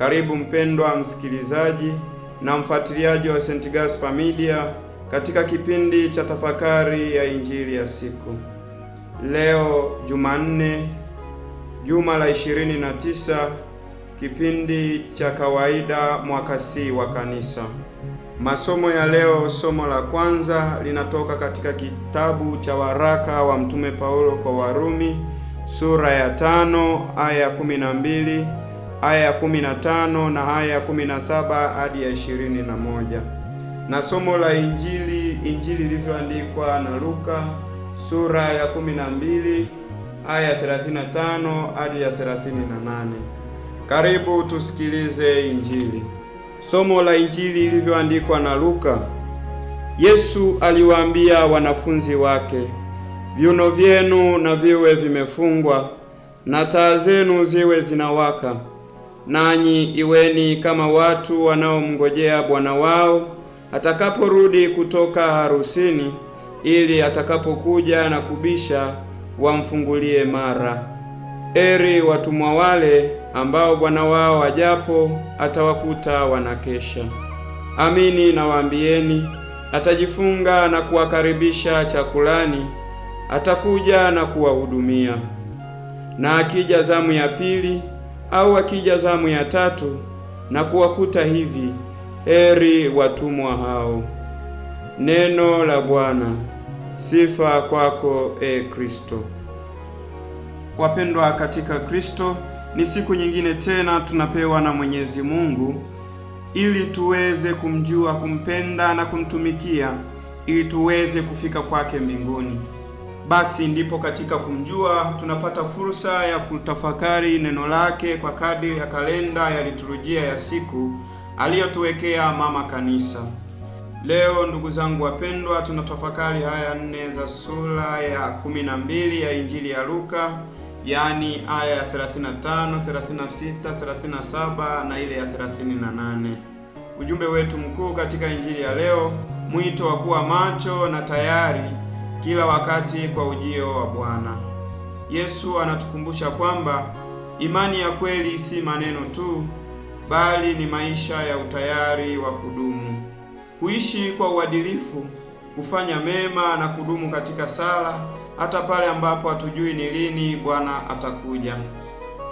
Karibu mpendwa msikilizaji na mfuatiliaji wa St. Gaspar Media katika kipindi cha tafakari ya injili ya siku. Leo Jumanne, juma la 29, kipindi cha kawaida mwaka C wa kanisa. Masomo ya leo, somo la kwanza linatoka katika kitabu cha waraka wa Mtume Paulo kwa Warumi sura ya tano aya ya 12 aya ya 15 na aya ya 17 hadi ya 21, na na somo la Injili Injili ilivyoandikwa na Luka sura ya 12 aya ya 35 hadi ya 38. Karibu tusikilize Injili. Somo la Injili ilivyoandikwa na Luka. Yesu aliwaambia wanafunzi wake, viuno vyenu na viwe vimefungwa na taa zenu ziwe zinawaka nanyi iweni kama watu wanaomngojea bwana wao atakaporudi kutoka harusini, ili atakapokuja na kubisha wamfungulie mara. Eri watumwa wale ambao bwana wao ajapo atawakuta wanakesha. Amini nawaambieni, atajifunga na kuwakaribisha chakulani, atakuja na kuwahudumia. Na akija zamu ya pili au akija zamu ya tatu na kuwakuta hivi, heri watumwa hao. Neno la Bwana. Sifa kwako e Kristo. Wapendwa katika Kristo, ni siku nyingine tena tunapewa na Mwenyezi Mungu ili tuweze kumjua, kumpenda na kumtumikia ili tuweze kufika kwake mbinguni basi ndipo katika kumjua tunapata fursa ya kutafakari neno lake kwa kadiri ya kalenda ya liturujia ya siku aliyotuwekea mama kanisa. Leo ndugu zangu wapendwa, tunatafakari aya nne za sura ya 12 ya Injili ya Luka, yaani aya ya 35, 36, 37 na ile ya 38. Ujumbe wetu mkuu katika Injili ya leo, mwito wa kuwa macho na tayari kila wakati kwa ujio wa Bwana. Yesu anatukumbusha kwamba imani ya kweli si maneno tu, bali ni maisha ya utayari wa kudumu, kuishi kwa uadilifu, kufanya mema na kudumu katika sala, hata pale ambapo hatujui ni lini Bwana atakuja.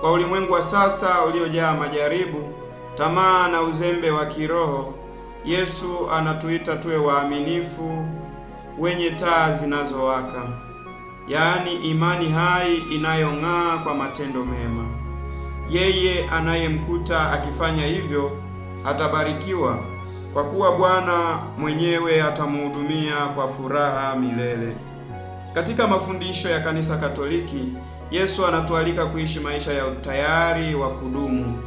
Kwa ulimwengu wa sasa uliojaa majaribu, tamaa na uzembe wa kiroho, Yesu anatuita tuwe waaminifu wenye taa zinazowaka, yaani imani hai inayong'aa kwa matendo mema. Yeye anayemkuta akifanya hivyo atabarikiwa, kwa kuwa Bwana mwenyewe atamhudumia kwa furaha milele. Katika mafundisho ya Kanisa Katoliki, Yesu anatualika kuishi maisha ya utayari wa kudumu,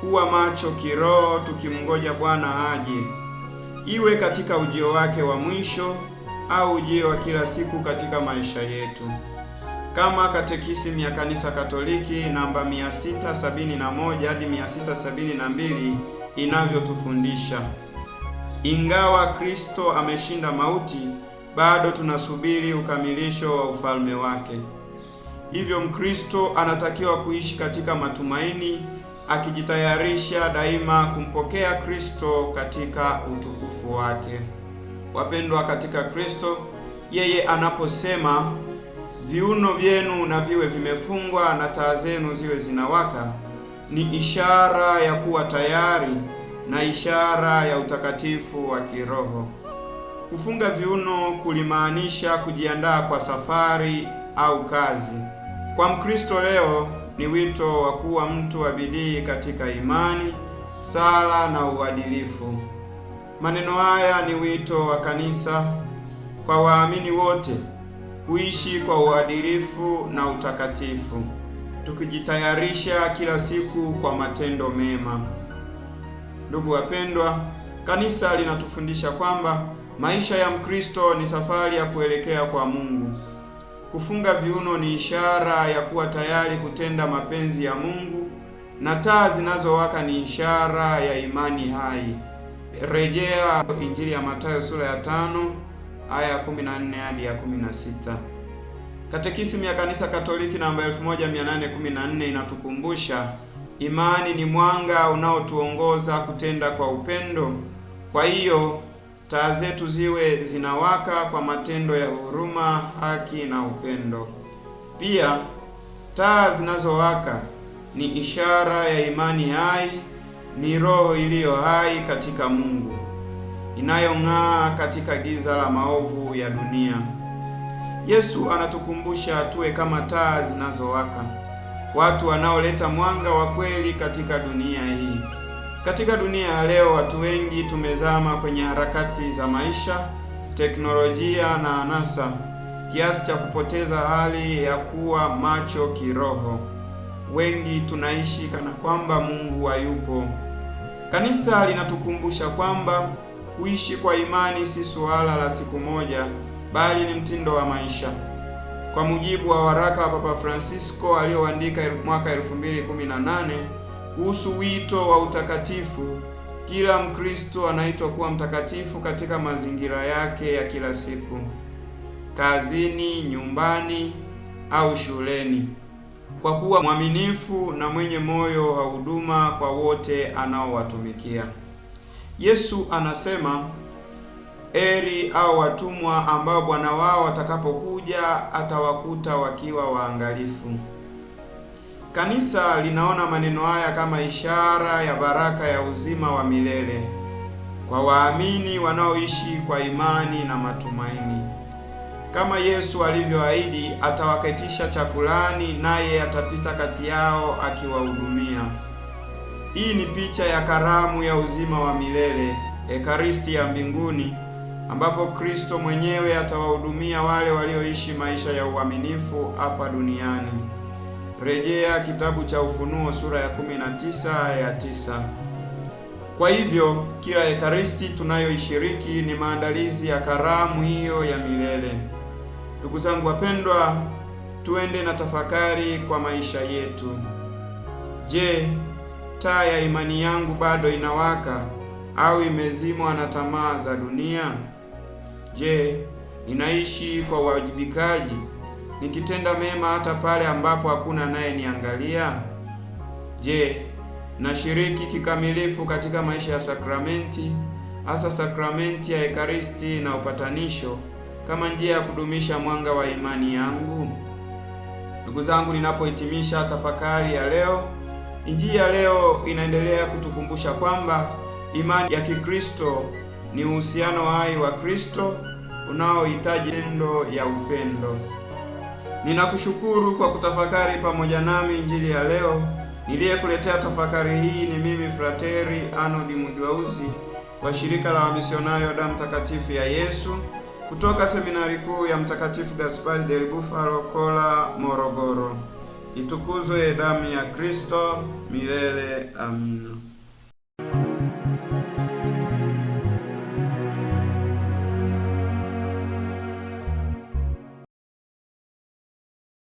kuwa macho kiroho, tukimngoja Bwana aje, iwe katika ujio wake wa mwisho au ujio wa kila siku katika maisha yetu. Kama Katekisimu ya Kanisa Katoliki namba 671 hadi 672 inavyotufundisha, ingawa Kristo ameshinda mauti, bado tunasubiri ukamilisho wa ufalme wake. Hivyo Mkristo anatakiwa kuishi katika matumaini, akijitayarisha daima kumpokea Kristo katika utukufu wake wapendwa katika Kristo, yeye anaposema viuno vyenu na viwe vimefungwa na taa zenu ziwe zinawaka, ni ishara ya kuwa tayari na ishara ya utakatifu wa kiroho. Kufunga viuno kulimaanisha kujiandaa kwa safari au kazi. Kwa Mkristo leo ni wito wa kuwa mtu wa bidii katika imani, sala na uadilifu. Maneno haya ni wito wa kanisa kwa waamini wote kuishi kwa uadilifu na utakatifu, tukijitayarisha kila siku kwa matendo mema. Ndugu wapendwa, kanisa linatufundisha kwamba maisha ya Mkristo ni safari ya kuelekea kwa Mungu. Kufunga viuno ni ishara ya kuwa tayari kutenda mapenzi ya Mungu, na taa zinazowaka ni ishara ya imani hai. Rejea Injili ya Mathayo sura ya tano aya ya 14 hadi ya 16. Katekisimu ya Kanisa Katoliki namba 1814 inatukumbusha imani ni mwanga unaotuongoza kutenda kwa upendo. Kwa hiyo taa zetu ziwe zinawaka kwa matendo ya huruma, haki na upendo. Pia taa zinazowaka ni ishara ya imani hai ni roho iliyo hai katika Mungu, inayong'aa katika giza la maovu ya dunia. Yesu anatukumbusha tuwe kama taa zinazowaka, watu wanaoleta mwanga wa kweli katika dunia hii. Katika dunia ya leo, watu wengi tumezama kwenye harakati za maisha, teknolojia na anasa, kiasi cha kupoteza hali ya kuwa macho kiroho wengi tunaishi kana kwamba Mungu hayupo. Kanisa linatukumbusha kwamba kuishi kwa imani si suala la siku moja, bali ni mtindo wa maisha. Kwa mujibu wa waraka wa Papa Francisco alioandika mwaka 2018 kuhusu wito wa utakatifu, kila Mkristo anaitwa kuwa mtakatifu katika mazingira yake ya kila siku, kazini, nyumbani au shuleni kwa kuwa mwaminifu na mwenye moyo wa huduma kwa wote anaowatumikia. Yesu anasema, Heri au watumwa ambao bwana wao atakapokuja atawakuta wakiwa waangalifu. Kanisa linaona maneno haya kama ishara ya baraka ya uzima wa milele kwa waamini wanaoishi kwa imani na matumaini kama Yesu alivyoahidi, atawaketisha chakulani, naye atapita kati yao akiwahudumia. Hii ni picha ya karamu ya uzima wa milele, ekaristi ya mbinguni, ambapo Kristo mwenyewe atawahudumia wale walioishi maisha ya uaminifu hapa duniani. Rejea kitabu cha Ufunuo sura ya 19 ya 9. Kwa hivyo kila ekaristi tunayoishiriki ni maandalizi ya karamu hiyo ya milele. Ndugu zangu wapendwa, tuende na tafakari kwa maisha yetu. Je, taa ya imani yangu bado inawaka au imezimwa na tamaa za dunia? Je, ninaishi kwa uwajibikaji nikitenda mema hata pale ambapo hakuna anayeniangalia? Je, nashiriki kikamilifu katika maisha ya sakramenti, hasa sakramenti ya Ekaristi na upatanisho kama njia ya kudumisha mwanga wa imani yangu? Ndugu zangu, ninapohitimisha tafakari ya leo, Injili ya leo inaendelea kutukumbusha kwamba imani ya Kikristo ni uhusiano hai wa Kristo unaohitaji tendo ya upendo. Ninakushukuru kwa kutafakari pamoja nami Injili ya leo. Niliyekuletea tafakari hii ni mimi Frateri Anodi Mjwauzi wa shirika la wa damu takatifu ya Yesu kutoka Seminari Kuu ya Mtakatifu Gaspari del Bufalo, Kola, Morogoro. Itukuzwe damu ya Kristo milele! Amina.